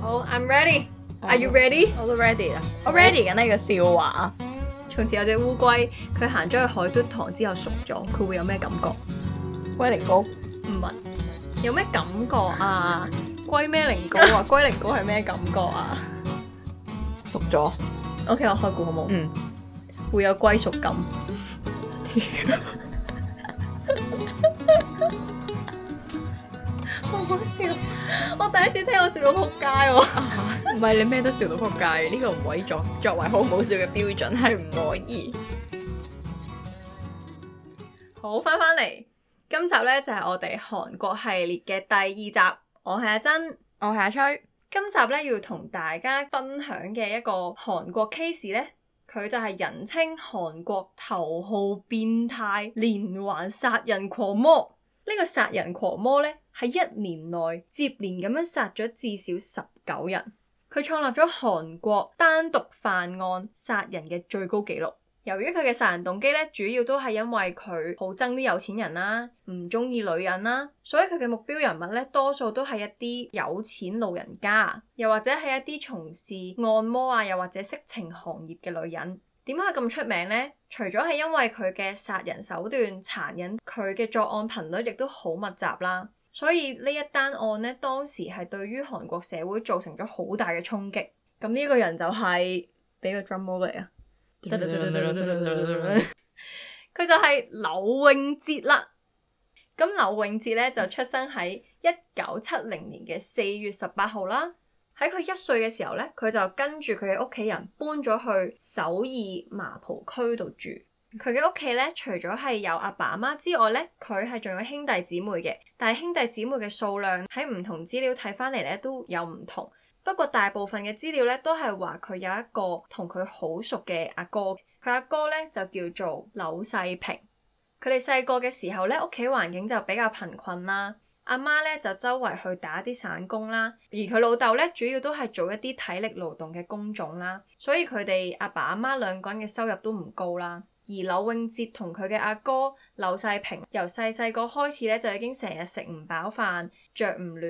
好，I'm ready。Are you ready？我都 ready 啦。我 ready 緊呢個笑話啊。從前有隻烏龜，佢行咗去海堆糖之後熟咗，佢會有咩感覺？龜苓膏？唔係。有咩感覺啊？龜咩苓膏啊？龜苓膏係咩感覺啊？熟咗。O.K. 我開估好冇？嗯。會有歸屬感。好笑！我第一次聽我笑到仆街喎，唔係你咩都笑到仆街，呢個唔可以作，作為好唔好笑嘅標準，係唔可以。 好，返返嚟，今集呢就係、是、我哋韓國系列嘅第二集。我係阿珍，我係阿吹。今集呢要同大家分享嘅一個韓國 case 呢，佢就係人稱韓國頭號變態連環殺人狂魔。呢個殺人狂魔呢，喺一年內接連咁樣殺咗至少十九人，佢創下咗韓國單獨犯案殺人嘅最高紀錄。由於佢嘅殺人動機呢，主要都係因為佢好憎啲有錢人啦，唔鍾意女人啦，所以佢嘅目標人物呢，多數都係一啲有錢老人家，又或者係一啲從事按摩啊，又或者色情行業嘅女人。點解咁出名呢？除咗係因為佢嘅殺人手段殘忍，佢嘅作案頻率亦都好密集啦。所以呢一單案呢，當時係對於韓國社會造成咗好大嘅衝擊。咁呢個人就係、是、俾個 drum b 啊，佢 就係柳永哲啦。咁柳永哲咧就出生喺一九七零年嘅四月十八號啦。喺佢一歲嘅時候咧，佢就跟住佢嘅屋企人搬咗去首爾麻浦區度住。佢嘅屋企咧，除咗係有阿爸阿媽之外咧，佢係仲有兄弟姊妹嘅。但係兄弟姊妹嘅數量喺唔同資料睇翻嚟，咧都有唔同。不過大部分嘅資料咧都係話佢有一個同佢好熟嘅阿哥。佢阿哥咧就叫做柳世平。佢哋細個嘅時候咧，屋企環境就比較貧困啦。阿媽咧就周圍去打啲散工啦，而佢老豆咧主要都係做一啲體力勞動嘅工種啦，所以佢哋阿爸阿媽兩個人嘅收入都唔高啦。而柳永哲同佢嘅阿哥柳世平由細細個開始咧就已經成日食唔飽飯，着唔暖，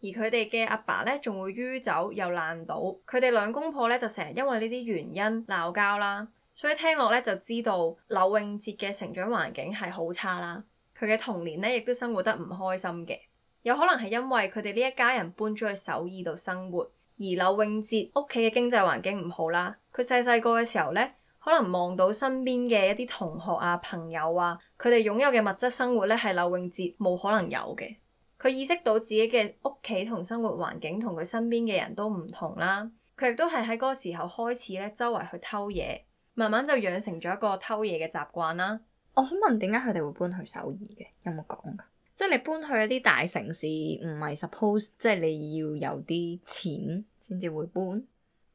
而佢哋嘅阿爸咧仲會酗酒又爛賭，佢哋兩公婆咧就成日因為呢啲原因鬧交啦。所以聽落咧就知道柳永哲嘅成長環境係好差啦。佢嘅童年呢，亦都生活得唔開心嘅，有可能係因為佢哋呢一家人搬咗去首爾度生活，而柳永哲屋企嘅經濟環境唔好啦。佢細細個嘅時候呢，可能望到身邊嘅一啲同學啊、朋友啊，佢哋擁有嘅物質生活呢，係柳永哲冇可能有嘅。佢意識到自己嘅屋企同生活環境同佢身邊嘅人都唔同啦，佢亦都係喺嗰個時候開始呢，周圍去偷嘢，慢慢就養成咗一個偷嘢嘅習慣啦。我想問點解佢哋會搬去首爾嘅？有冇講㗎？即係你搬去一啲大城市，唔係 suppose 即係你要有啲錢先至會搬。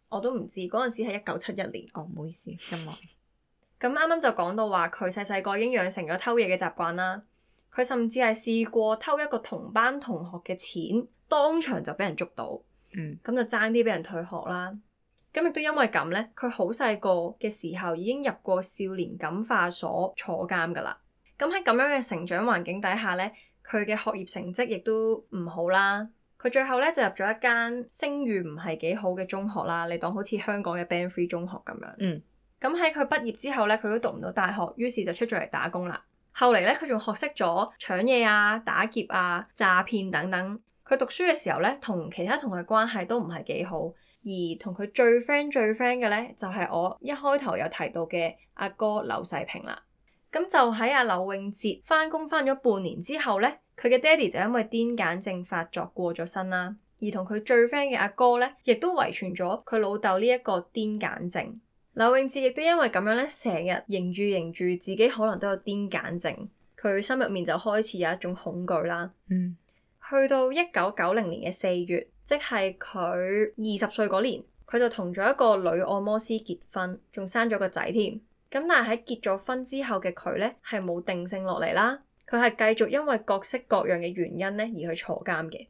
我都唔知嗰陣時係一九七一年。哦，唔好意思咁耐。咁啱啱就講到話佢細細個已經養成咗偷嘢嘅習慣啦。佢甚至係試過偷一個同班同學嘅錢，當場就俾人捉到。嗯。咁就爭啲俾人退學啦。咁亦都因為咁咧，佢好細個嘅時候已經入過少年感化所坐監噶啦。咁喺咁樣嘅成長環境底下咧，佢嘅學業成績亦都唔好啦。佢最後咧就入咗一間聲譽唔係幾好嘅中學啦，你當好似香港嘅 Band 3中學咁樣。嗯，咁喺佢畢業之後咧，佢都讀唔到大學，於是就出咗嚟打工啦。後嚟咧，佢仲學識咗搶嘢啊、打劫啊、詐騙等等。佢讀書嘅時候咧，同其他同學關係都唔係幾好。而同佢最 friend 最 friend 嘅呢，就係我一開頭有提到嘅阿哥劉世平啦。咁就喺阿柳永哲翻工翻咗半年之後呢，佢嘅爹哋就因為癲癇症發作過咗身啦。而同佢最 friend 嘅阿哥呢，亦都遺傳咗佢老豆呢一個癲癇症。柳永哲亦都因為咁樣呢，成日認住認住自己可能都有癲癇症，佢心入面就開始有一種恐懼啦。嗯，去到一九九零年嘅四月。即係佢二十歲嗰年，佢就同咗一個女按摩師結婚，仲生咗個仔添。咁但係喺結咗婚之後嘅佢呢，係冇定性落嚟啦。佢係繼續因為各式各樣嘅原因呢而去坐監嘅。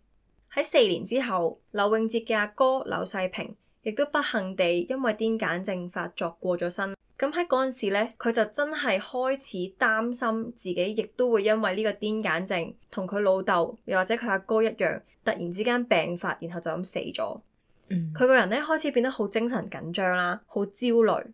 喺四年之後，柳永哲嘅阿哥劉世平亦都不幸地因為癲癇症發作過咗身。咁喺嗰陣時呢，佢就真係開始擔心自己亦都會因為呢個癲癇症同佢老豆又或者佢阿哥一樣。突然之間病發，然後就咁死咗。佢、嗯、個人咧開始變得好精神緊張啦，好焦慮。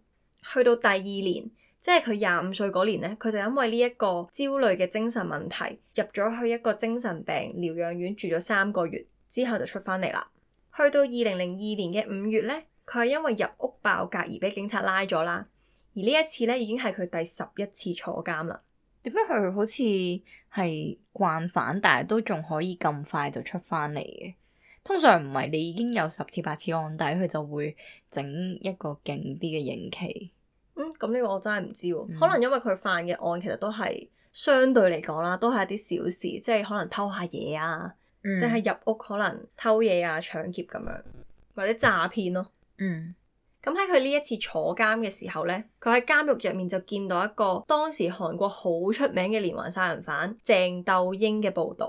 去到第二年，即係佢廿五歲嗰年咧，佢就因為呢一個焦慮嘅精神問題，入咗去一個精神病療養院住咗三個月，之後就出翻嚟啦。去到二零零二年嘅五月咧，佢係因為入屋爆格而俾警察拉咗啦。而呢一次咧，已經係佢第十一次坐監啦。點解佢好似係慣犯，但係都仲可以咁快就出翻嚟嘅？通常唔係你已經有十次八次案底，佢就會整一個勁啲嘅刑期。嗯，咁呢個我真係唔知，嗯、可能因為佢犯嘅案其實都係相對嚟講啦，都係一啲小事，即係可能偷下嘢啊，嗯、即係入屋可能偷嘢啊、搶劫咁樣，或者詐騙咯。嗯。咁喺佢呢一次坐監嘅時候咧，佢喺監獄入面就見到一個當時韓國好出名嘅連環殺人犯鄭斗英嘅報導。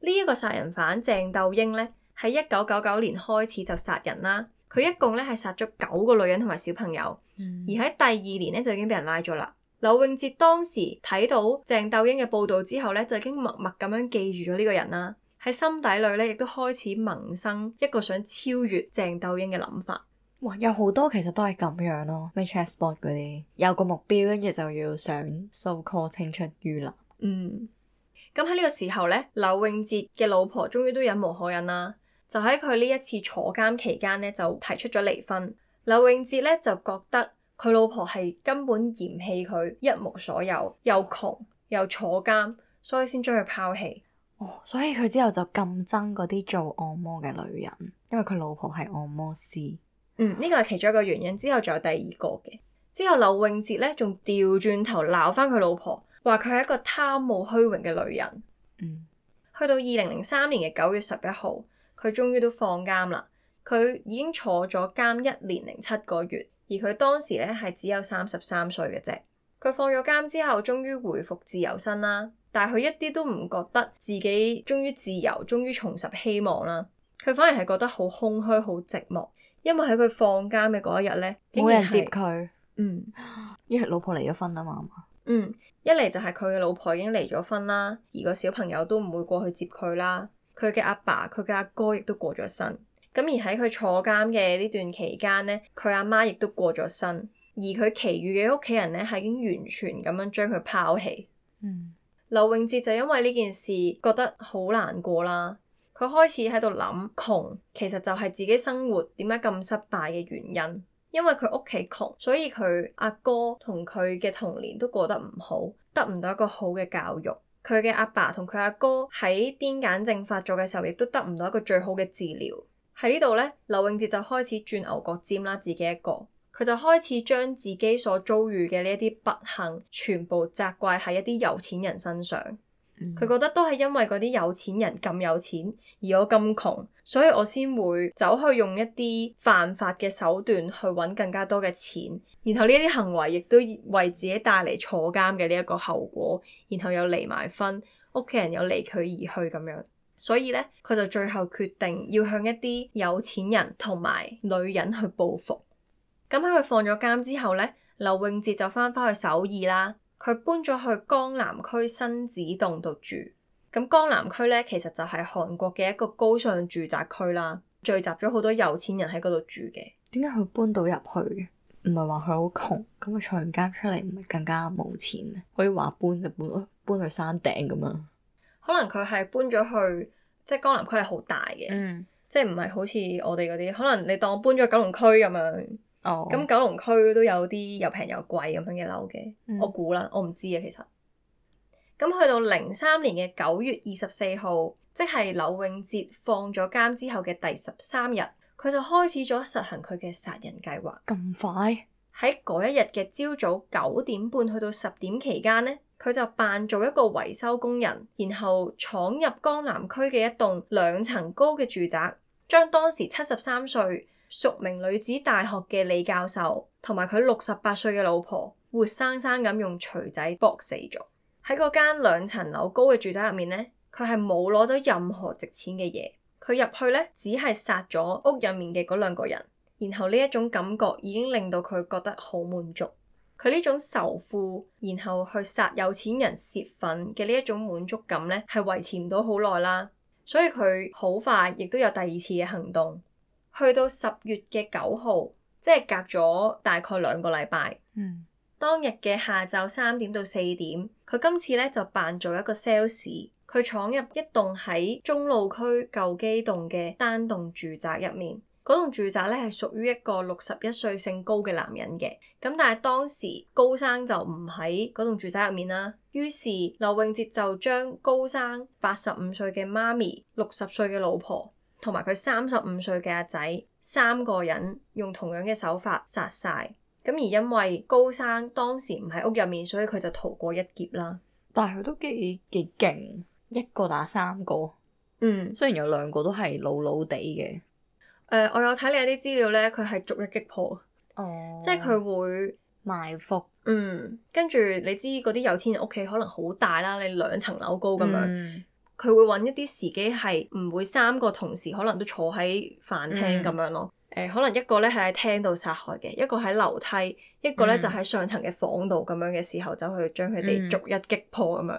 呢、這、一個殺人犯鄭斗英咧，喺一九九九年開始就殺人啦。佢一共咧係殺咗九個女人同埋小朋友。嗯、而喺第二年咧就已經畀人拉咗啦。柳永哲當時睇到鄭斗英嘅報導之後咧，就已經默默咁樣記住咗呢個人啦。喺心底裏咧亦都開始萌生一個想超越鄭斗英嘅諗法。哇！有好多其實都係咁樣咯，咩 chessboard 嗰啲，有個目標跟住就要上、so、青 so call，清出淤泥。嗯。咁喺呢個時候咧，柳永哲嘅老婆終於都忍無可忍啦，就喺佢呢一次坐監期間咧，就提出咗離婚。柳永哲咧就覺得佢老婆係根本嫌棄佢一無所有，又窮又坐監，所以先將佢拋棄。哦，所以佢之後就咁憎嗰啲做按摩嘅女人，因為佢老婆係按摩師。嗯，呢個係其中一個原因。之後仲有第二個嘅。之後柳永哲呢，仲調轉頭鬧翻佢老婆，話佢係一個貪慕虛榮嘅女人。嗯，去到二零零三年嘅九月十一號，佢終於都放監啦。佢已經坐咗監一年零七個月，而佢當時呢，係只有三十三歲嘅啫。佢放咗監之後，終於回復自由身啦。但係佢一啲都唔覺得自己終於自由，終於重拾希望啦。佢反而係覺得好空虛，好寂寞。因為喺佢放監嘅嗰一日呢，冇人接佢。嗯，因為老婆離咗婚啊嘛。嗯，一嚟就係佢嘅老婆已經離咗婚啦，而個小朋友都唔會過去接佢啦。佢嘅阿爸、佢嘅阿哥亦都過咗身。咁而喺佢坐監嘅呢段期間呢，佢阿媽亦都過咗身，而佢其餘嘅屋企人呢，係已經完全咁樣將佢拋棄。嗯，柳永哲就因為呢件事覺得好難過啦。佢開始喺度諗窮其實就係自己生活點解咁失敗嘅原因，因為佢屋企窮，所以佢阿哥同佢嘅童年都過得唔好，得唔到一個好嘅教育。佢嘅阿爸同佢阿哥喺癲癇症發作嘅時候，亦都得唔到一個最好嘅治療。喺呢度咧，柳永哲就開始轉牛角尖啦，自己一個，佢就開始將自己所遭遇嘅呢一啲不幸，全部責怪喺一啲有錢人身上。佢覺得都係因為嗰啲有錢人咁有錢，而我咁窮，所以我先會走去用一啲犯法嘅手段去揾更加多嘅錢，然後呢啲行為亦都為自己帶嚟坐監嘅呢一個後果，然後又離埋婚，屋企人又離佢而去咁樣，所以呢，佢就最後決定要向一啲有錢人同埋女人去報復。咁喺佢放咗監之後呢，柳永哲就翻返去首爾啦。佢搬咗去江南區新子洞度住，咁江南區咧其實就係韓國嘅一個高尚住宅區啦，聚集咗好多有錢人喺嗰度住嘅。點解佢搬到入去嘅？唔係話佢好窮，咁坐完監出嚟唔係更加冇錢咩？可以話搬就搬到，搬去山頂咁樣？可能佢係搬咗去，即係江南區係好大嘅，嗯，即係唔係好似我哋嗰啲，可能你當我搬咗去九龍區咁樣。咁、哦、九龍區都有啲又平又貴咁樣嘅樓嘅，我估啦，我唔知啊，其實。咁去到零三年嘅九月二十四號，即係柳永哲放咗監之後嘅第十三日，佢就開始咗實行佢嘅殺人計劃。咁快喺嗰一日嘅朝早九點半去到十點期間呢，佢就扮做一個維修工人，然後闖入江南區嘅一棟兩層高嘅住宅，將當時七十三歲。著名女子大學嘅李教授同埋佢六十八歲嘅老婆，活生生咁用錘仔搏死咗喺嗰間兩層樓高嘅住宅入面呢，佢係冇攞走任何值錢嘅嘢，佢入去呢，只係殺咗屋入面嘅嗰兩個人，然後呢一種感覺已經令到佢覺得好滿足，佢呢種仇富然後去殺有錢人泄憤嘅呢一種滿足感呢係維持唔到好耐啦，所以佢好快亦都有第二次嘅行動。去到十月嘅九號，即係隔咗大概兩個禮拜。嗯、當日嘅下晝三點到四點，佢今次咧就扮做一個 sales，佢闖入一棟喺中路區舊基洞嘅單棟住宅入面。嗰棟住宅咧係屬於一個六十一歲姓高嘅男人嘅。咁但係當時高生就唔喺嗰棟住宅入面啦。於是柳永哲就將高生八十五歲嘅媽咪、六十歲嘅老婆，同埋佢三十五歲嘅阿仔，三個人用同樣嘅手法殺晒。咁而因為高生當時唔喺屋入面，所以佢就逃過一劫啦。但係佢都幾幾勁，一個打三個，嗯，雖然有兩個都係老老哋嘅。誒、呃，我有睇你啲資料咧，佢係逐一擊破，哦，即係佢會埋伏，嗯，跟住你知嗰啲有錢人屋企可能好大啦，你兩層樓高咁樣。嗯佢會揾一啲時機，係唔會三個同時可能都坐喺飯廳咁樣咯。誒、嗯呃，可能一個咧係喺廳度殺害嘅，一個喺樓梯，一個咧就喺上層嘅房度咁樣嘅時候，就去將佢哋逐一擊破咁樣。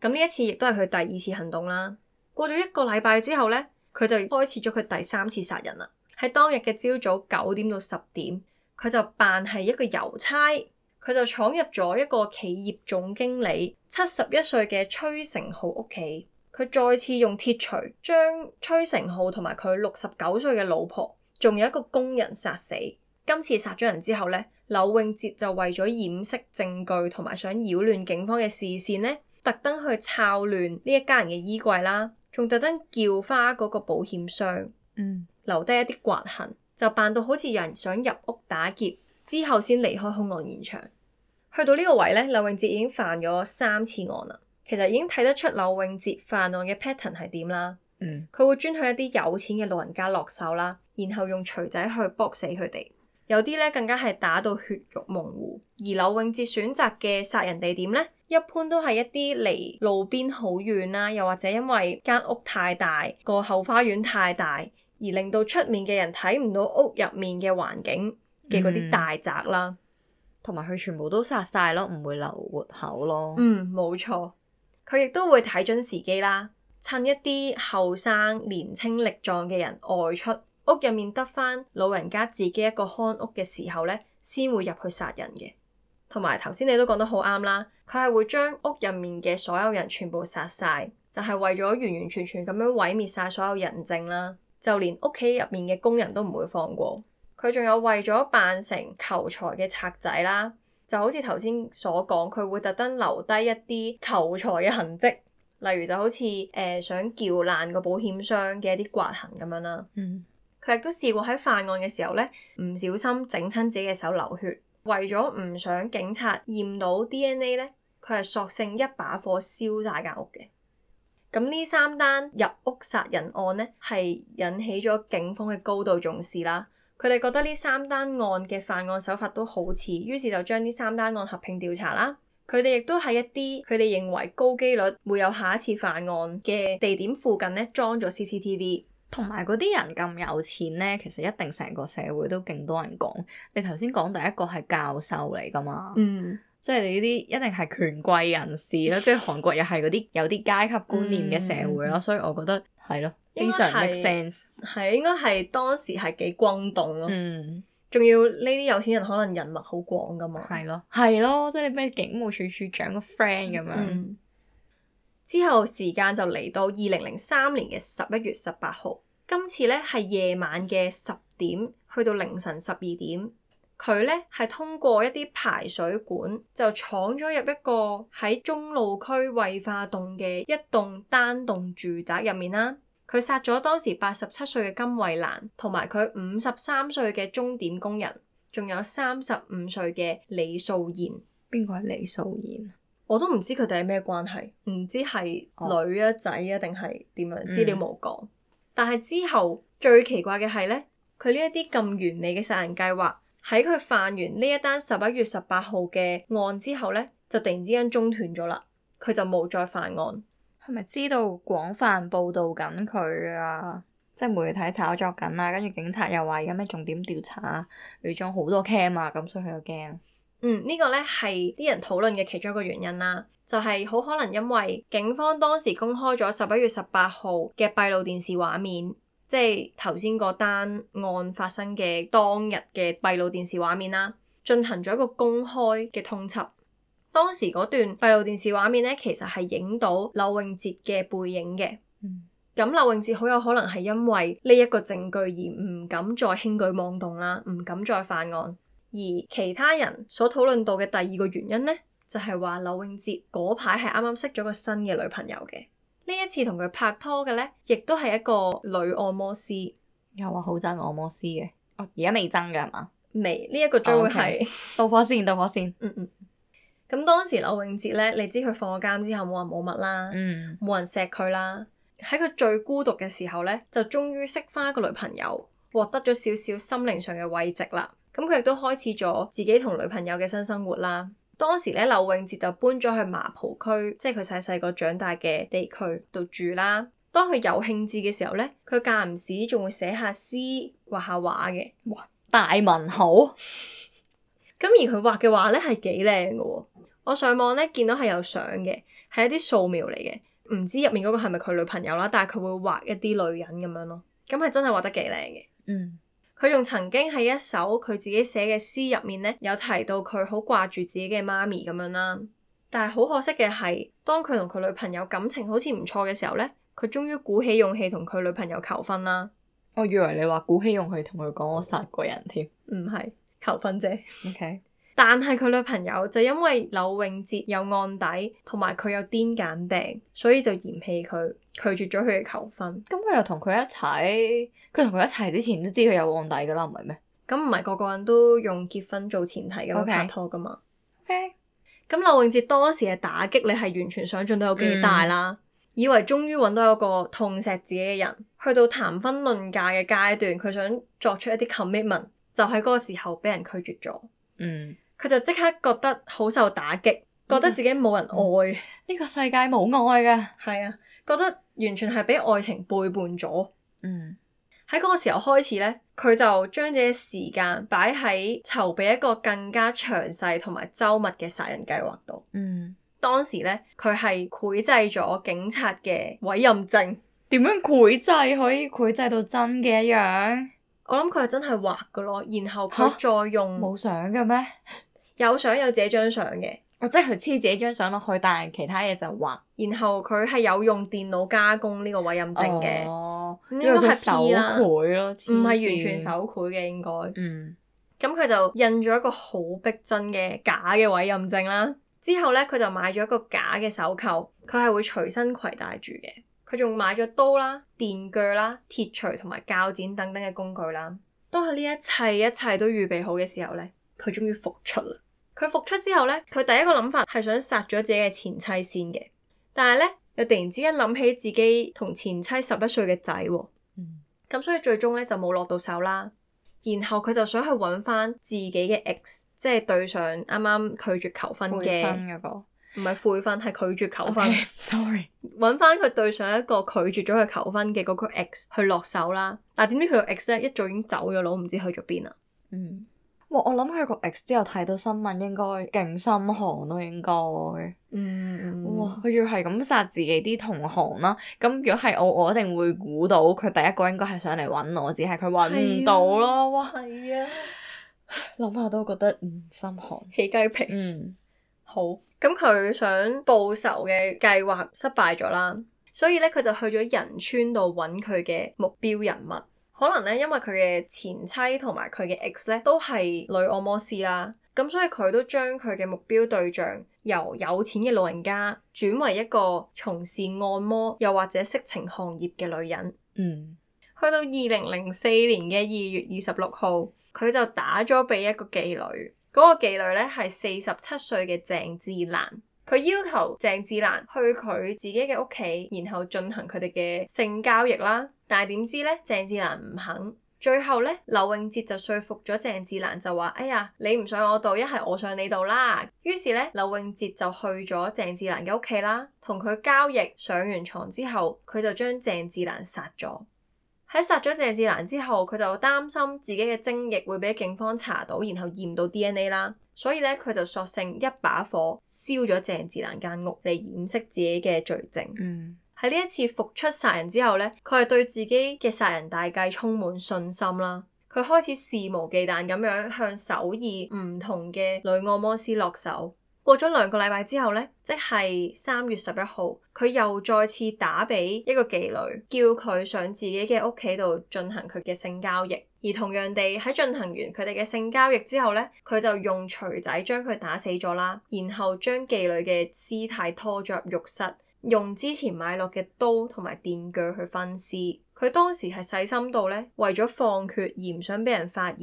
咁呢、嗯、一次亦都係佢第二次行動啦。過咗一個禮拜之後呢，佢就開始咗佢第三次殺人啦。喺當日嘅朝早九點到十點，佢就扮係一個郵差，佢就闖入咗一個企業總經理七十一歲嘅崔成浩屋企。佢再次用鐵錘將崔成浩同埋佢六十九歲嘅老婆，仲有一個工人殺死。今次殺咗人之後呢，柳永哲就為咗掩飾證據同埋想擾亂警方嘅視線呢，特登去撬亂呢一家人嘅衣櫃啦，仲特登撬花嗰個保險箱，嗯，留低一啲刮痕，就扮到好似有人想入屋打劫之後先離開兇案現場。去到呢個位呢，柳永哲已經犯咗三次案啦。其實已經睇得出，柳永哲犯案嘅 pattern 係點啦，佢、嗯、會專去一啲有錢嘅老人家落手啦，然後用錘仔去搏死佢哋，有啲咧更加係打到血肉模糊。而柳永哲選擇嘅殺人地點咧，一般都係一啲離路邊好遠啦，又或者因為間屋太大，個後花園太大，而令到出面嘅人睇唔到屋入面嘅環境嘅嗰啲大宅啦，同埋佢全部都殺晒咯，唔會留活口咯。嗯，冇錯。佢亦都會睇準時機啦，趁一啲後生年青力壯嘅人外出，屋入面得翻老人家自己一個看屋嘅時候咧，先會入去殺人嘅。同埋頭先你都講得好啱啦，佢係會將屋入面嘅所有人全部殺晒，就係為咗完完全全咁樣毀滅晒所有人證啦，就連屋企入面嘅工人都唔會放過。佢仲有為咗扮成求財嘅賊仔啦。就好似頭先所講，佢會特登留低一啲求財嘅痕跡，例如就好似誒、呃、想撬爛個保險箱嘅一啲刮痕咁樣啦。嗯，佢亦都試過喺犯案嘅時候咧，唔小心整親自己嘅手流血，為咗唔想警察驗到 DNA 咧，佢係索性一把火燒曬間屋嘅。咁呢三單入屋殺人案咧，係引起咗警方嘅高度重視啦。佢哋覺得呢三單案嘅犯案手法都好似，於是就將呢三單案合併調查啦。佢哋亦都喺一啲佢哋認為高機率會有下一次犯案嘅地點附近呢，裝咗 CCTV，同埋嗰啲人咁有錢呢，其實一定成個社會都勁多人講。你頭先講第一個係教授嚟㗎嘛？嗯，即係你呢啲一定係權貴人士啦，即係 韓國又係嗰啲有啲階級觀念嘅社會啦，嗯、所以我覺得。係咯，非常 make sense。係應該係當時係幾轟動咯。嗯，仲要呢啲有錢人可能人脈好廣㗎嘛。係咯了，係咯，即係咩警務處處長個 friend 咁樣。嗯、之後時間就嚟到二零零三年嘅十一月十八號，今次咧係夜晚嘅十點去到凌晨十二點。佢咧係通過一啲排水管就闖咗入一個喺中路區惠化洞嘅一棟單棟住宅入面啦。佢殺咗當時八十七歲嘅金惠蘭同埋佢五十三歲嘅鐘點工人，仲有三十五歲嘅李素賢。邊個係李素賢？我都唔知佢哋係咩關係，唔知係女啊仔啊定係點樣，資料冇講。嗯、但係之後最奇怪嘅係呢，佢呢一啲咁完美嘅殺人計劃。喺佢犯完呢一單十一月十八號嘅案之後呢，就突然之間中斷咗啦，佢就冇再犯案。係咪知道廣泛報道緊佢啊？即係媒體炒作緊啊，跟住警察又話而家咩重點調查，預裝好多 cam 啊，咁所以佢又驚。嗯，呢、呢個呢係啲人討論嘅其中一個原因啦，就係、是、好可能因為警方當時公開咗十一月十八號嘅閉路電視畫面。即係頭先個單案發生嘅當日嘅閉路電視畫面啦，進行咗一個公開嘅通緝。當時嗰段閉路電視畫面咧，其實係影到柳永哲嘅背影嘅。咁柳永哲好有可能係因為呢一個證據而唔敢再輕舉妄動啦，唔敢再犯案。而其他人所討論到嘅第二個原因咧，就係話柳永哲嗰排係啱啱識咗個新嘅女朋友嘅。呢一次同佢拍拖嘅呢，亦都係一個女按摩師，又話好憎按摩師嘅，哦，而家未憎嘅係嘛？未呢一個將會係導、哦 okay. 火線，導火線，嗯。嗯嗯。咁當時柳永哲呢，你知佢放咗監之後冇話冇乜啦，嗯，冇人錫佢啦。喺佢最孤獨嘅時候呢，就終於識翻一個女朋友，獲得咗少少心靈上嘅慰藉啦。咁佢亦都開始咗自己同女朋友嘅新生活啦。當時咧，柳永哲就搬咗去麻浦區，即係佢細細個長大嘅地區度住啦。當佢有興致嘅時候咧，佢間唔時仲會寫下詩、畫下畫嘅。哇，大文豪！咁而佢畫嘅畫咧係幾靚嘅。我上網咧見到係有相嘅，係一啲素描嚟嘅，唔知入面嗰個係咪佢女朋友啦？但係佢會畫一啲女人咁樣咯，咁係真係畫得幾靚嘅。嗯。佢仲曾經喺一首佢自己寫嘅詩入面呢，有提到佢好掛住自己嘅媽咪咁樣啦。但係好可惜嘅係，當佢同佢女朋友感情好似唔錯嘅時候呢，佢終於鼓起勇氣同佢女朋友求婚啦。我以為你話鼓起勇氣同佢講我殺過人添，唔係，求婚啫。 OK。但係佢女朋友就因為柳永哲有案底，同埋佢有癲癇病，所以就嫌棄佢，拒絕咗佢嘅求婚。咁佢又同佢一齊，佢同佢一齊之前都知佢有案底噶啦，唔係咩？咁唔係個個人都用結婚做前提咁拍拖噶嘛？咁 Okay. Okay. 柳永哲當時嘅打擊，你係完全想象到有幾大啦？嗯、以為終於揾到一個痛錫自己嘅人，去到談婚論嫁嘅階段，佢想作出一啲 commitment，就喺嗰個時候俾人拒絕咗。嗯。佢就即刻覺得好受打擊，是覺得自己冇人愛，呢、哦呢個世界冇愛嘅。係啊，覺得完全係俾愛情背叛咗。嗯，喺嗰個時候開始呢，佢就將自己時間擺喺籌備一個更加詳細同埋周密嘅殺人計劃度。嗯，當時呢，佢係繪製咗警察嘅委任證，點樣繪製可以繪製到真嘅一樣？我諗佢係真係畫噶咯，然後佢再用冇相嘅咩？啊、有相有自己張相嘅，哦，即係佢黐自己張相落去，但係其他嘢就畫。然後佢係有用電腦加工呢個委任證嘅，哦，應該係手繪咯，唔係完全手繪嘅應該。嗯，咁佢就印咗一個好逼真嘅假嘅委任證啦。之後呢，佢就買咗一個假嘅手扣，佢係會隨身攜帶住嘅。佢仲買咗刀啦、電鋸啦、鐵錘同埋鉸剪等等嘅工具啦，當佢呢一切一切都預備好嘅時候呢，佢終於復出啦。佢復出之後呢，佢第一個諗法係想殺咗自己嘅前妻先嘅，但係呢，又突然之間諗起自己同前妻十一歲嘅仔，咁、嗯、所以最終呢，就冇落到手啦。然後佢就想去揾翻自己嘅 ex 即係對上啱啱拒絕求婚嘅嗰個。唔係悔婚，係拒絕求婚。Okay, sorry，揾翻佢對上一個拒絕咗佢求婚嘅嗰個 x 去落手啦。但係點知佢個 x 一早已經走咗佬，唔知去咗邊啊？嗯，哇！我諗佢個 x 之後睇到新聞，啊，應該勁心寒咯，應該。嗯，嗯，哇！佢要係咁殺自己啲同行啦，啊。咁如果係我，我一定會估到佢第一個應該係上嚟搵我，只係佢搵唔到咯。啊啊，哇！係啊，諗下都覺得唔心寒。起雞皮。嗯。好，咁佢想報仇嘅計劃失敗咗啦，所以咧佢就去咗仁川度揾佢嘅目標人物。可能咧因為佢嘅前妻同埋佢嘅 ex 咧都係女按摩師啦，咁所以佢都將佢嘅目標對象由有錢嘅老人家轉為一個從事按摩又或者色情行業嘅女人。嗯，去到二零零四年嘅二月二十六號，佢就打咗俾一個妓女。嗰個妓女咧係四十七歲嘅鄭志蘭，佢要求鄭志蘭去佢自己嘅屋企，然後進行佢哋嘅性交易啦。但係點知咧，鄭志蘭唔肯。最後咧，柳永哲就說服咗鄭志蘭，就話：哎呀，你唔上我度，一係我上你度啦。於是咧，柳永哲就去咗鄭志蘭嘅屋企啦，同佢交易。上完床之後，佢就將鄭志蘭殺咗。喺殺咗鄭智蘭之後，佢就擔心自己嘅精液會俾警方查到，然後驗到 DNA 啦，所以咧佢就索性一把火燒咗鄭智蘭間屋嚟掩飾自己嘅罪證。嗯，喺呢一次復出殺人之後咧，佢係對自己嘅殺人大計充滿信心啦，佢開始肆無忌憚咁樣向首爾唔同嘅女按摩師落手。過咗兩個禮拜之後呢，即係三月十一號，佢又再次打俾一個妓女，叫佢上自己嘅屋企度進行佢嘅性交易。而同樣地喺進行完佢哋嘅性交易之後呢，佢就用錘仔將佢打死咗啦，然後將妓女嘅屍體拖咗入浴室。用之前買落嘅刀同埋電鋸去分屍，佢當時係細心到呢，為咗放血而唔想俾人發現，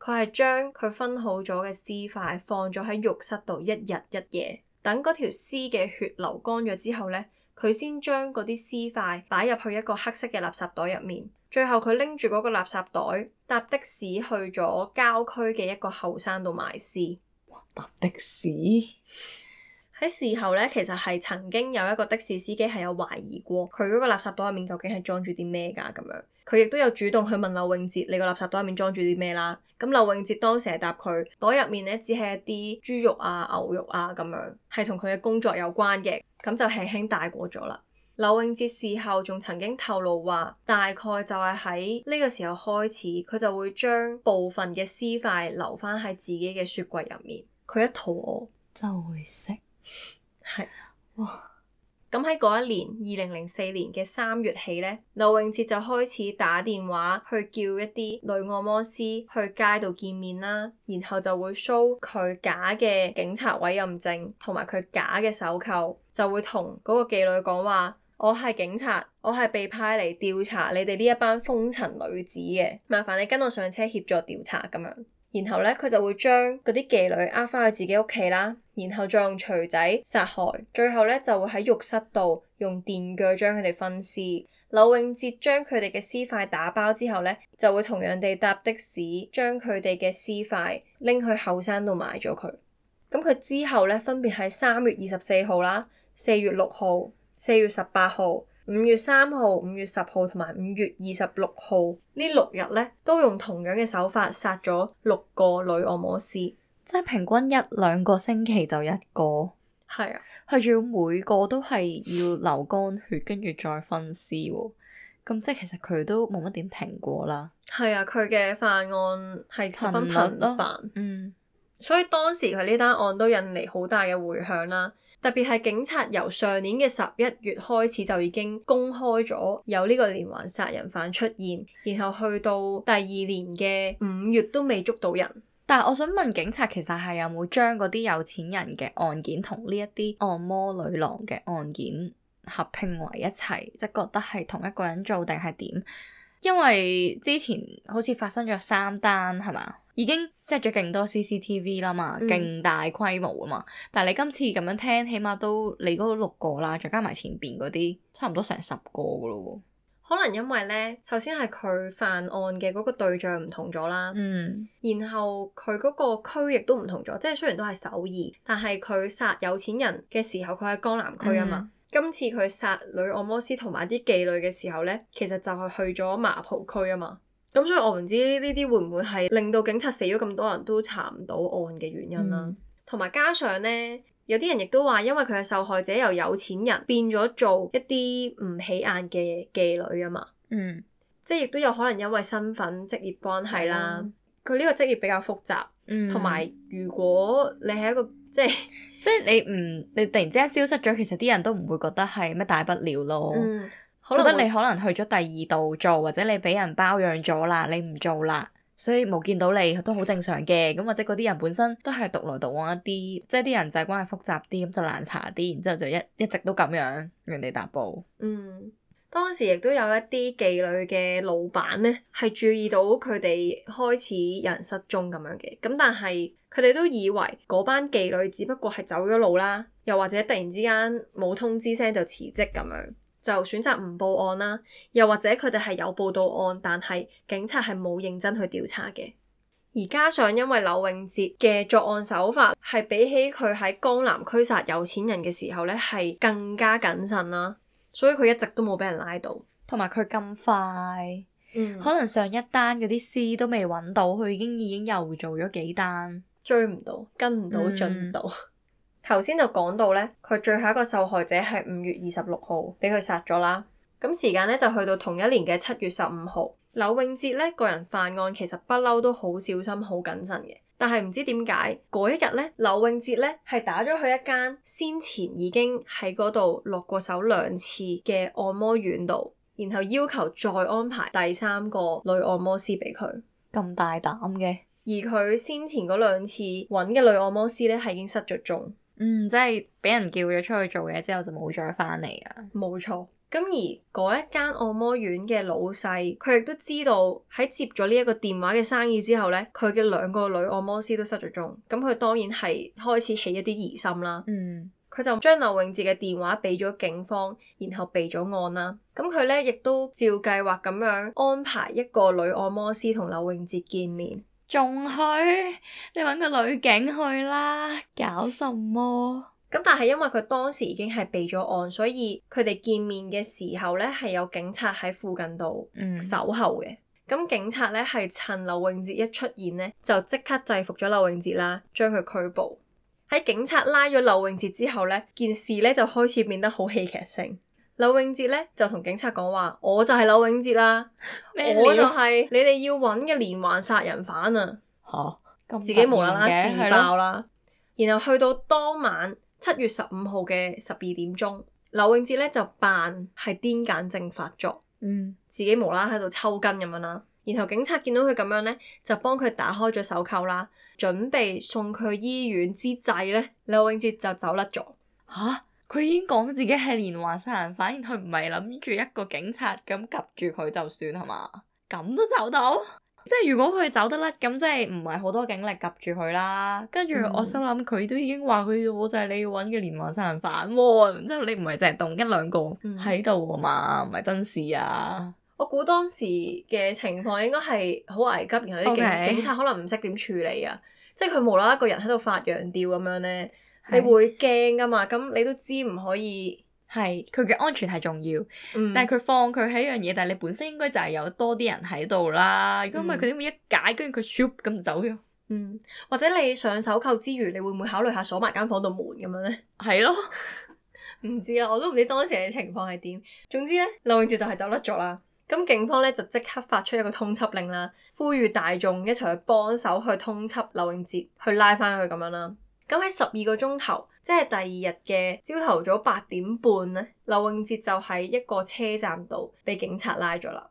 佢係將佢分好咗嘅屍塊放咗喺浴室度一日一夜，等嗰條屍嘅血流乾咗之後呢，佢先將嗰啲屍塊擺入去一個黑色嘅垃圾袋入面，最後佢拎住嗰個垃圾袋搭的士去咗郊區嘅一個後山度埋屍。搭的士？喺事後呢，其實係曾經有一個的士司機係有懷疑過佢嗰個垃圾袋入面究竟係裝住啲咩㗎咁樣，佢亦都有主動去問柳永哲，你個垃圾袋入面裝住啲咩啦。咁柳永哲當時係答佢，袋入面咧只係一啲豬肉啊、牛肉啊咁樣，係同佢嘅工作有關嘅，咁就輕輕帶過咗啦。柳永哲事後仲曾經透露話，大概就係喺呢個時候開始，佢就會將部分嘅屍塊留翻喺自己嘅雪櫃入面，佢一肚餓就會食。係哇，咁喺嗰一年，二零零四年嘅三月起呢，柳永哲就開始打電話去叫一啲女按摩師去街度見面啦，然後就會 show 佢假嘅警察委任證同埋佢假嘅手扣，就會同嗰個妓女講話：我係警察，我係被派嚟調查你哋呢一班風塵女子嘅，麻煩你跟我上車協助調查咁樣。然後呢，佢就會將嗰啲妓女呃翻去自己屋企啦，然後再用錘仔殺害，最後呢，就會喺浴室度用電鋸將佢哋分屍。柳永哲將佢哋嘅屍塊打包之後呢，就會同樣地搭的士將佢哋嘅屍塊拎去後山度埋咗佢。咁佢之後呢，分別喺三月二十四號啦、四月六號、四月十八號。五月三號、五月十號同埋五月二十六號呢六日呢，都用同樣嘅手法殺咗六個女按摩師，即係平均一兩個星期就一個。係啊，佢仲要每個都係要流乾血，跟住 再分屍喎。咁即係其實佢都冇乜點停過啦。係啊，佢嘅犯案係十分頻繁頻繁。嗯，所以當時佢呢單案都引嚟好大嘅回響啦。特別係警察由上年嘅十一月開始就已經公開咗有呢個連環殺人犯出現，然後去到第二年嘅五月都未捉到人。但係我想問警察其實係有冇將嗰啲有錢人嘅案件同呢一啲按摩女郎嘅案件合併為一齊，即係覺得係同一個人做定係點？因為之前好似發生咗三單係嘛，已經 set 咗勁多 CCTV 啦嘛，勁、嗯、大規模啊嘛。但係你今次咁樣聽，起碼都你嗰六個啦，再加埋前邊嗰啲，差唔多成十個噶咯。可能因為呢，首先係佢犯案嘅嗰個對象唔同咗啦，嗯，然後佢嗰個區亦都唔同咗，即係雖然都係首爾，但係佢殺有錢人嘅時候，佢喺江南區啊嘛。嗯今次佢殺女按摩師同埋啲妓女嘅時候呢，其實就係去咗麻浦區啊嘛。咁所以我唔知呢啲會唔會係令到警察死咗咁多人都查唔到案嘅原因啦。同埋、嗯、加上呢，有啲人亦都話，因為佢嘅受害者由有錢人變咗做一啲唔起眼嘅妓女啊嘛。嗯，即係亦都有可能因為身份職業關係啦。佢呢、嗯、個職業比較複雜，同埋、嗯、如果你係一個。即係即係你唔你突然之間消失咗，其實啲人都唔會覺得係咩大不了咯。嗯、好覺得你可能去咗第二度做，或者你俾人包養咗啦，你唔做啦，所以冇見到你都好正常嘅。咁或者嗰啲人本身都係獨來獨往一啲，即係啲人際關係複雜啲，咁就難查啲，然之後就一一直都咁樣報，人哋踏步。嗯，當時亦都有一啲妓女嘅老闆咧，係注意到佢哋開始有人失蹤咁樣嘅，咁但係。佢哋都以為嗰班妓女只不過係走咗路啦，又或者突然之間冇通知聲就辭職咁樣，就選擇唔報案啦。又或者佢哋係有報到案，但係警察係冇認真去調查嘅。而加上因為柳永哲嘅作案手法係比起佢喺江南區殺有錢人嘅時候呢係更加謹慎啦，所以佢一直都冇俾人拉到。同埋佢咁快，嗯、可能上一單嗰啲屍都未揾到，佢已經已經又做咗幾單。追唔到，跟唔到進度。頭先、嗯、 就講到呢，佢最後一個受害者係五月二十六號俾佢殺咗啦。咁時間呢，就去到同一年嘅七月十五號。柳永哲呢個人犯案其實不嬲都好小心好謹慎嘅，但係唔知點解嗰一日呢，柳永哲呢係打咗去一間先前已經喺嗰度落過手兩次嘅按摩院度，然後要求再安排第三個女按摩師俾佢。咁大膽嘅！而佢先前嗰兩次揾嘅女按摩師咧，係已經失咗蹤，嗯，即係俾人叫咗出去做嘢之後就冇再翻嚟啊。冇錯，咁而嗰一間按摩院嘅老細，佢亦都知道喺接咗呢一個電話嘅生意之後呢，佢嘅兩個女按摩師都失咗蹤，咁佢當然係開始起一啲疑心啦。嗯，佢就將柳永哲嘅電話俾咗警方，然後備咗案啦。咁佢呢，亦都照計劃咁樣安排一個女按摩師同柳永哲見面。仲去？你揾個女警去啦，搞什麼？咁但係因為佢當時已經係備咗案，所以佢哋見面嘅時候呢，係有警察喺附近度守候嘅。咁、嗯、警察呢係趁柳永哲一出現呢，就即刻制服咗柳永哲啦，將佢拘捕。喺警察拉咗柳永哲之後呢，件事呢就開始變得好戲劇性。柳永哲咧就同警察講話，我就係柳永哲啦，我就係你哋要揾嘅連環殺人犯啊！吓、啊，自己無啦啦自爆啦，了然後去到當晚七月十五號嘅十二點鐘，柳永哲咧就扮係癲癇症發作，嗯，自己無啦喺度抽筋咁樣啦，然後警察見到佢咁樣咧，就幫佢打開咗手銬啦，準備送佢去醫院之際咧，柳永哲就走甩咗，吓、啊。佢已經講自己係連環殺人犯，而佢唔係諗住一個警察咁及住佢就算係嘛？咁都走到？ 即係如果佢走得甩，咁即係唔係好多警力及住佢啦？跟住我心諗，佢都已經話佢就係你要揾嘅連環殺人犯喎，之後你唔係凈係動一兩個喺度嘛？唔係、嗯、真事啊！我估當時嘅情況應該係好危急，然後啲警警察可能唔識點處理啊！Okay. 即係佢無啦啦一個人喺度發羊吊咁樣呢。你會驚噶嘛？咁你都知唔可以，係佢嘅安全係重要，但係佢放佢係一樣嘢，但係你本身應該就係有多啲人喺度啦。如果唔係，佢點會一解，跟住佢 shoot 咁就走嘅？或者你上手扣之餘，你會唔會考慮下鎖埋間房度門咁樣呢？係咯，唔知啊，我都唔知當時嘅情況係點。總之呢，柳永哲就係走甩咗啦。咁警方呢，就即刻發出一個通緝令啦，呼籲大眾一齊去幫手去通緝柳永哲，去拉翻佢咁樣啦。咁喺十二個鐘頭，即係第二日嘅朝頭早八點半咧，柳永哲就喺一個車站度被警察拉咗啦。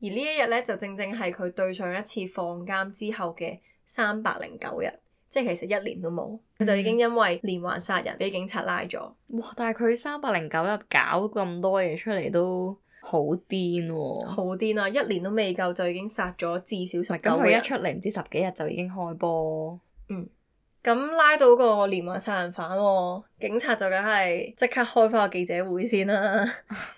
而呢一日咧，就正正係佢對上一次放監之後嘅三百零九日，即係其實一年都冇，佢就已經因為連環殺人俾警察拉咗。哇！但係佢三百零九日搞咁多嘢出嚟都好癲喎，好癲啊！一年都未夠就已經殺咗至少十九人。咁佢一出嚟唔知十幾日就已經開波。嗯。咁拉到個連環殺人犯、哦，警察就梗係即刻開翻個記者會先啦。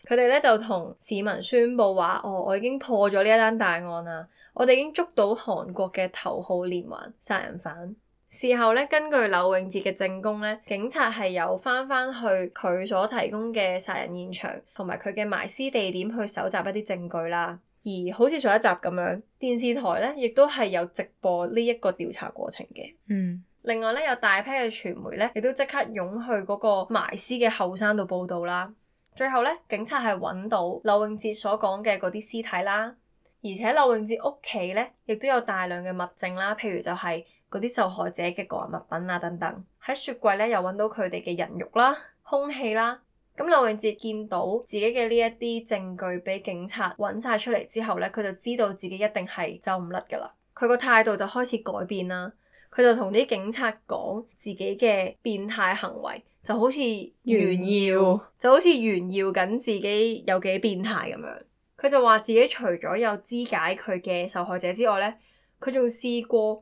佢哋咧就同市民宣布話：哦，我已經破咗呢一單大案啦！我哋已經捉到韓國嘅頭號連環殺人犯。事後咧，根據柳永哲嘅證供咧，警察係有翻翻去佢所提供嘅殺人現場，同埋佢嘅埋屍地點去搜集一啲證據啦。而好似上一集咁樣，電視台咧亦都係有直播呢一個調查過程嘅。嗯。另外咧，有大批嘅傳媒咧，亦都即刻湧去嗰個埋屍嘅後山度報道啦。最後咧，警察係揾到柳永哲所講嘅嗰啲屍體啦，而且柳永哲屋企咧亦都有大量嘅物證啦，譬如就係嗰啲受害者嘅個人物品啊等等。喺雪櫃咧又揾到佢哋嘅人肉啦、空氣啦。咁柳永哲見到自己嘅呢一啲證據俾警察揾晒出嚟之後咧，佢就知道自己一定係走唔甩噶啦。佢個態度就開始改變啦。佢就同啲警察講自己嘅變態行為，就好似炫耀，就好似炫耀緊自己有幾變態咁樣。佢就話自己除咗有肢解佢嘅受害者之外呢，佢仲試過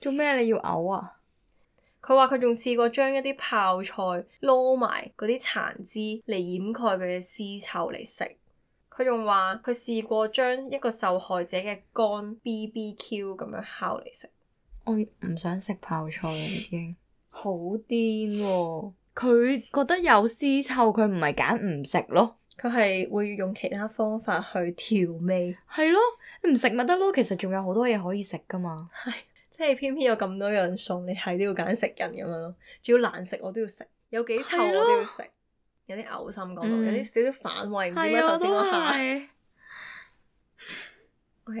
做咩？你要嘔啊！佢話佢仲試過將一啲泡菜撈埋嗰啲殘肢嚟掩蓋佢嘅屍臭嚟食。佢仲話佢試過將一個受害者嘅肝 BBQ 咁樣烤嚟食。我唔想食泡菜，已經 好癲啊。佢覺得有屍臭，佢唔係揀唔食咯，佢係會用其他方法去調味。係 咯，唔食咪得咯。其實仲有好多嘢可以食噶嘛。係， 即係偏偏有咁多人餸，你係都要揀食人咁樣咯。仲要難食，我都要食。有幾臭我都要食，咯有啲嘔心講到，嗯、有啲少少反胃，唔知咩頭先我吓。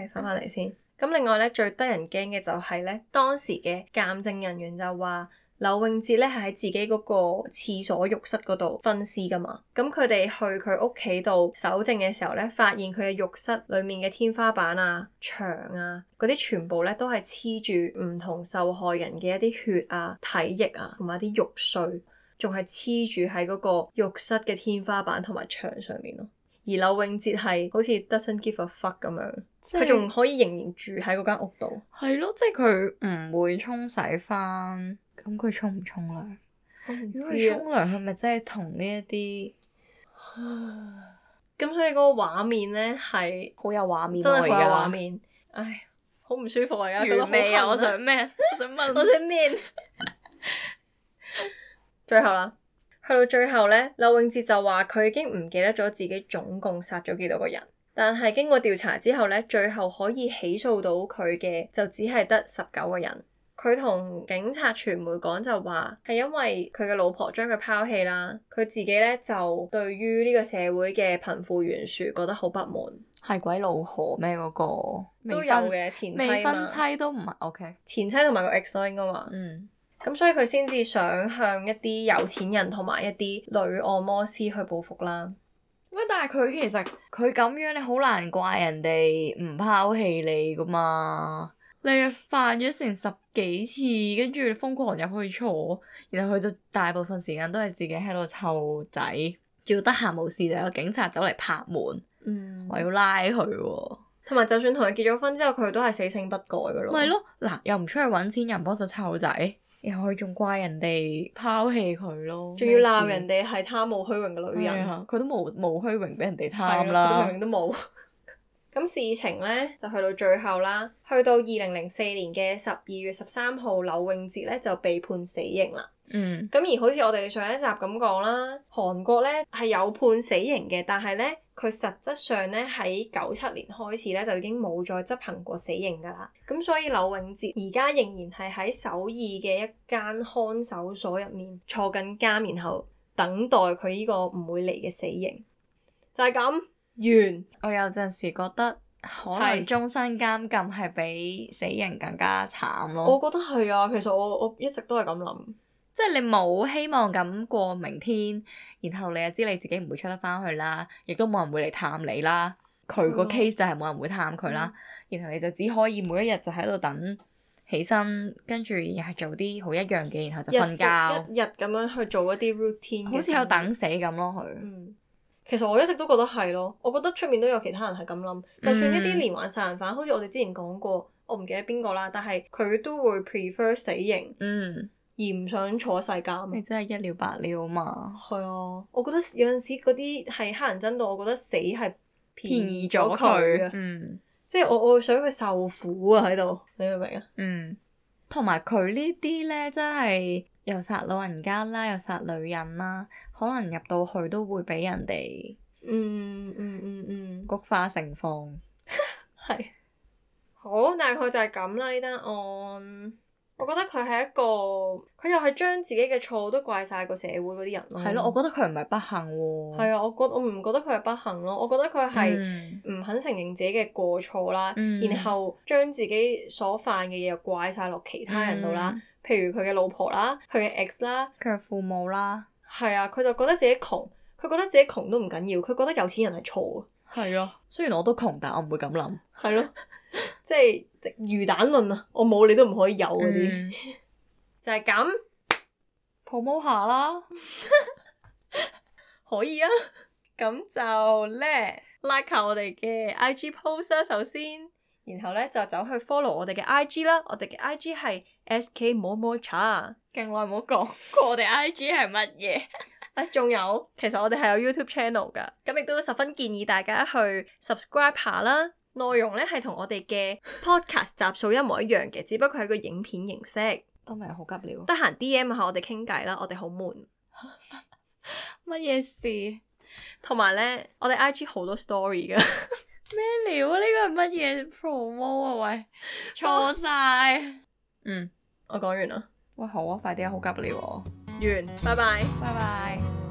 翻翻嚟先。咁另外咧，最得人驚嘅就係咧，當時嘅鑑證人員就話，柳永哲咧係喺自己嗰個廁所浴室嗰度分屍噶嘛。咁佢哋去佢屋企度搜證嘅時候咧，發現佢嘅浴室裡面嘅天花板啊、牆啊，嗰啲全部咧都係黐住唔同受害人嘅一啲血啊、體液啊，同埋啲肉碎，仲係黐住喺嗰個浴室嘅天花板同埋牆上面咯。而柳永哲係好似得身 give a fuck 咁樣，佢仲即是 可以仍然住喺嗰間屋度。係咯，即係佢唔會沖洗返，咁佢沖唔沖涼？如果佢沖涼，佢咪真係同呢一啲？咁所以嗰個畫面呢，係好有畫面，真係有畫面。唉，好唔舒服啊！而家美覺得啊！我想咩？我想問，我想面。 想問 最後啦到最後咧，柳永哲就話佢已經唔記得咗自己總共殺咗幾多個人。但係經過調查之後咧，最後可以起訴到佢嘅就只係得十九個人。佢同警察、傳媒講就話係因為佢嘅老婆將佢拋棄啦。佢自己咧就對於呢個社會嘅貧富懸殊覺得好不滿。係鬼老何咩嗰、嗰個都有嘅分前妻嘛？妻 okay. 前妻都唔係 OK，前妻同埋個 ex 應該話？嗯。咁所以佢先至想向一啲有錢人同埋一啲女按摩師去報復啦。喂，但係佢其實佢咁樣，你好難怪人哋唔拋棄你㗎嘛？你犯咗成十幾次，跟住瘋狂入去坐，然後佢就大部分時間都係自己喺度湊仔，叫得閒冇事就有警察走嚟拍門，嗯，話要拉佢啊。同埋就算同佢結咗婚之後，佢都係死性不改㗎咯。咪咯嗱，又唔出去揾錢，又唔幫手湊仔。又去仲怪人哋拋棄佢咯，仲要鬧人哋係貪慕虛榮嘅女人，佢、啊、都冇無虛榮俾人哋貪啦，啊、明明都冇。咁 事情呢，就去到最後啦，去到二零零四年嘅十二月十三號，柳永哲呢就被判死刑啦。嗯。咁而好似我哋上一集咁講啦，韓國呢係有判死刑嘅，但係呢。佢實質上咧喺九七年開始咧就已經冇再執行過死刑㗎啦，咁所以柳永哲而家仍然係喺首爾嘅一間看守所入面坐緊監，然後等待佢呢個唔會嚟嘅死刑，就係、是、咁完。我有陣時覺得可能終身監禁係比死刑更加慘咯。是我覺得係啊，其實我我一直都係咁諗。即係你冇希望咁過明天，然後你又知你自己唔會出得翻去啦，亦都冇人會嚟探你啦。佢個 case 就係冇人會探佢啦。嗯、然後你就只可以每一日就喺度等起，起身跟住又係做啲好一樣嘅，然後就瞓覺，一日咁樣去做一啲 routine。好似有等死咁咯，佢、嗯。其實我一直都覺得係咯，我覺得出面都有其他人係咁諗。嗯、就算一啲連環殺人犯，好似我哋之前講過，我唔記得邊個啦，但係佢都會 prefer 死刑。嗯。而唔想坐世監，你真係一了百了啊嘛。係啊，我覺得有陣時嗰啲係黑人憎到，我覺得死係便宜咗佢。嗯，即係我我想佢受苦啊喺度，你明唔明啊？嗯，同埋佢呢啲咧，真係又殺老人家啦，又殺女人啦，可能入到去都會俾人哋嗯嗯嗯嗯嗯菊花盛放，係 是好大概就係咁啦呢單案。我覺得佢係一個，佢又係將自己嘅錯都怪晒個社會嗰啲人咯、啊。係咯，我覺得佢唔係不幸喎。係啊，我覺我唔覺得佢係不幸咯。我覺得佢係唔肯承認自己嘅過錯啦，嗯、然後將自己所犯嘅嘢又怪晒落其他人度啦。嗯、譬如佢嘅老婆啦，佢嘅 ex 啦，佢嘅父母啦，係啊，佢就覺得自己窮，佢覺得自己窮都唔緊要，佢覺得有錢人係錯啊。係咯的，雖然我都窮，但我唔會咁諗。係咯。即係魚蛋論啊，我冇你都唔可以有嗰啲，嗯、就係咁。promote 下啦， 可以啊。咁就咧，like 下我哋嘅 IG post 下、啊、首先，然後咧就走去 follow 我哋嘅 IG 啦。我哋嘅 IG 係 SK Pomocha，勁耐冇講過我哋 IG 係乜嘢。仲 有，其實我哋係有 YouTube channel 噶，咁亦都十分建議大家去 subscribe 下啦。內容呢係同我哋嘅 podcast 集數一模一樣嘅，只不過係個影片形式，都咪好急料。得閒 DM 下我哋傾偈啦，我哋好悶。乜嘢 事？同埋呢，我哋 IG 好多 story 噶。咩料啊？呢個係乜嘢 promo 啊？喂，錯晒。我嗯，我講完啦。喂，好啊，快啲啊，好急料。完，拜拜，拜拜。